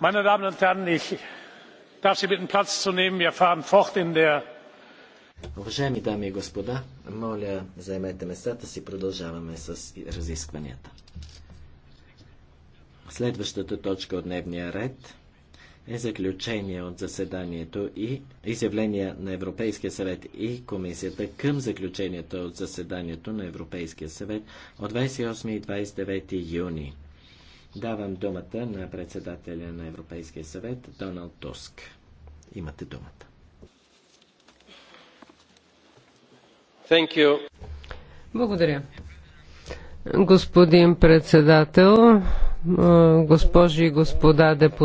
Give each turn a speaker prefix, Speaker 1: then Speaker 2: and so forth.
Speaker 1: meine damen und herren ich darf sie bitten platz zu nehmen wir fahren fort
Speaker 2: in der Уважаеми дами и господа, моля, заемете местата си, продължаваме с разискванията. Следващата точка от дневния ред е заключение от заседанието и изявление на Европейския съвет и комисията към заключението от заседанието на Европейския съвет от 28 и 29 юни Давам думата на председателя на Европейския съвет Доналд Туск. Имате думата. Thank you.
Speaker 3: Благодаря. Господин председател, госпожи и
Speaker 4: господа депутати,